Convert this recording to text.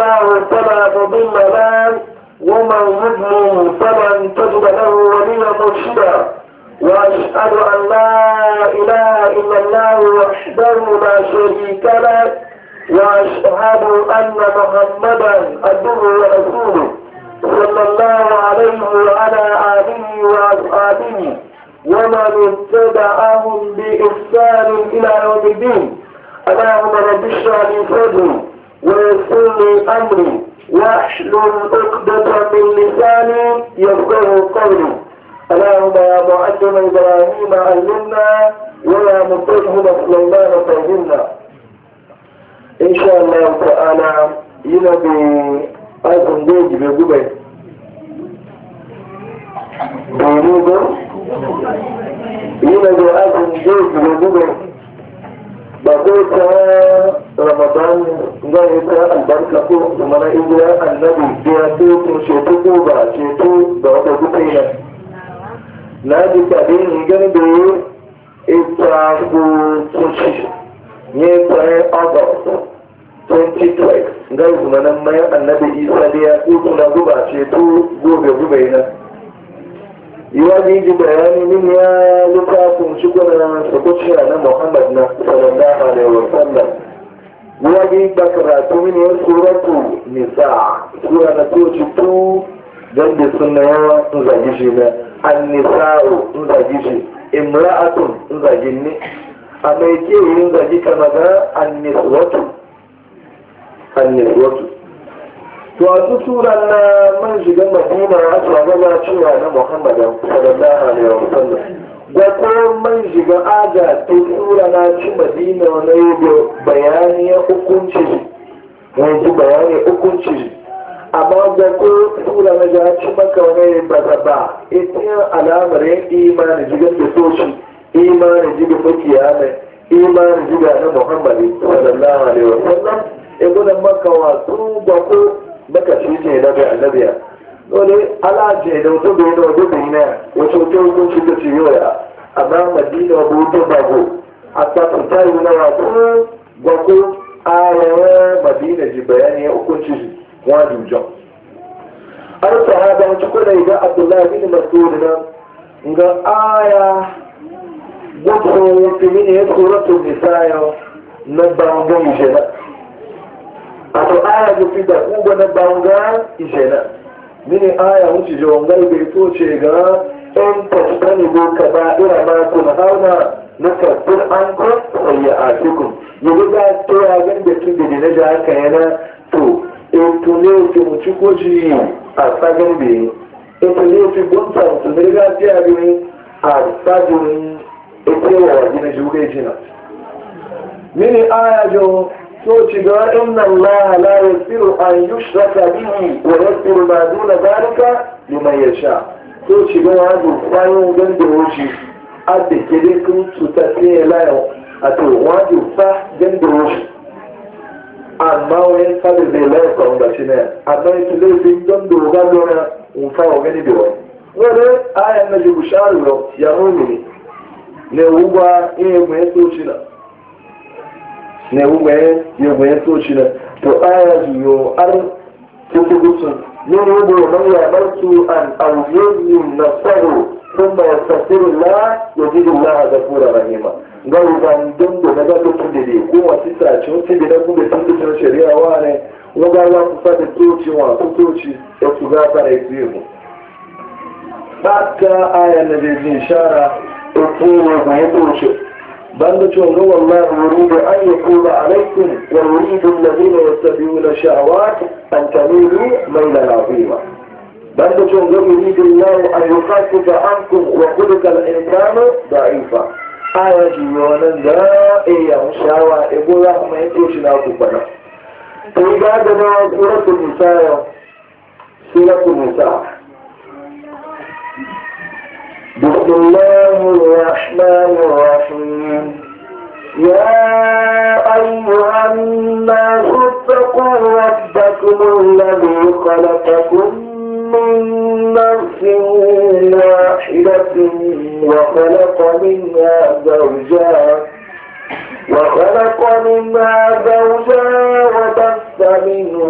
الله فلا مضل له ومن يضلل فلن تجد له وليا مرشدا واشهد ان لا اله الا الله وحده لا شريك له واشهد ان محمدا عبده ورسوله صلى الله عليه وعلى اله واصحابه ومن اتبعهم باحسان الى يوم الدين اللهم رب اشرح لي أمري واحلل عقدة من لساني يفقه قولي اللهم يا معلم إبراهيم علمنا ويا متهم سليمان فهمنا إن شاء الله تعالى ينبي أيضا ديج بجبل بيريدو ينبي أيضا ديج بجبل bagota ramadan zai yi ta albarka ko mana indiya annabi biya ce kun ceto ko ba ceto da wata gutai nan na ji kaɗe ni gani da yi ita ko kunci ne tsaye august 2012 zai zuma nan mayan annabi isa da ya ko kuna guba ceto gobe gobe nan يوادي جبران من يا لقاكم شكرا فكشي أنا محمد صلى الله عليه وسلم يوادي بكرة من يا سورة نساء سورة نتوجتو جنب سنة نزاجيشنا النساء نزاجيشي امرأة نزاجيني أما يكي نزاجي كما النسوة النسوة to a tsusuran na man shiga madina a tsaba na cewa na muhammadan sallallahu alaihi wa sallam da ko man shiga aga tura na ci madina na yi da bayani ya hukunci wani ji bayani hukunci amma da ko tura na ga ci maka wani ba ba ba ita alamar yin imanin jiga da soci imanin jiga makiya ne imanin jiga na muhammadin sallallahu alaihi wa sallam ibunan maka wasu ba ko baka shi ce da bai annabiya dole ala da wato da wato na wato to ko shi da ciyo ya amma madina ko to bago hatta kun tayi na wato gwako ayawa madina ji bayani ya hukunci wajin jan an sahaba wata kuna ga abdullahi bin mas'ud na ga aya gwako fi mini ya tsoratul ya na bangon ato aya da fi da kugo na banga ijena mini aya wuce ji wangai bai so ce ga in tashtani go ka ba ira ma kun hauna na kafin an ko sayya a cikin ga to ya gan da ki da na ja haka yana to in to ne ki mu ci koji a tsagan bi in to ne ki gonta to ne ga ti a bi a tsagan ita yawa gina juge jina mini aya jo توجد إن الله لا يغفر أن يشرك به ويغفر ما دون ذلك لمن يشاء توجد هذا الفايو بن دروشي أدي كده كنت تتليه لا أتو وادي فاح بن دروشي أما وين فاد بلاي كون بشنا أما يتلي بن دون دوغا دونا وفاو بن دوغا ولا آية نجيب شارلو يا مؤمني لو هو إيه ما يتوشنا ne wugbe ya gbe to shi na to aya yo ar ko ko gutsu ne rubu man ya barku an awyiyu nasaru thumma yastaghfiru la yajidu Allah ghafura rahima ga uban don da daga to kudede ko wasu sace wasu da ku da sun tsara shari'a wa ne wanda ya ku fada toci wa ku toci ya ku gafara yi mu ba ta aya na da shara ko ko ya ku toci بل تقول الله يريد أن يقول عليكم ويريد الذين يتبعون الشهوات أن تميلوا ميلا عظيما بل تقول يريد الله أن يخفف عنكم وخلق الإنسان ضعيفا آية جيوانا لا إيا مشاوى إبو رحمة إيشنا كبنا فإذا سورة النساء سورة النساء بسم الله الرحمن الرحيم الرحيم يا أيها الناس اتقوا ربكم الذي خلقكم من نفس واحدة وخلق منها زوجا وخلق منها زوجا وبث منه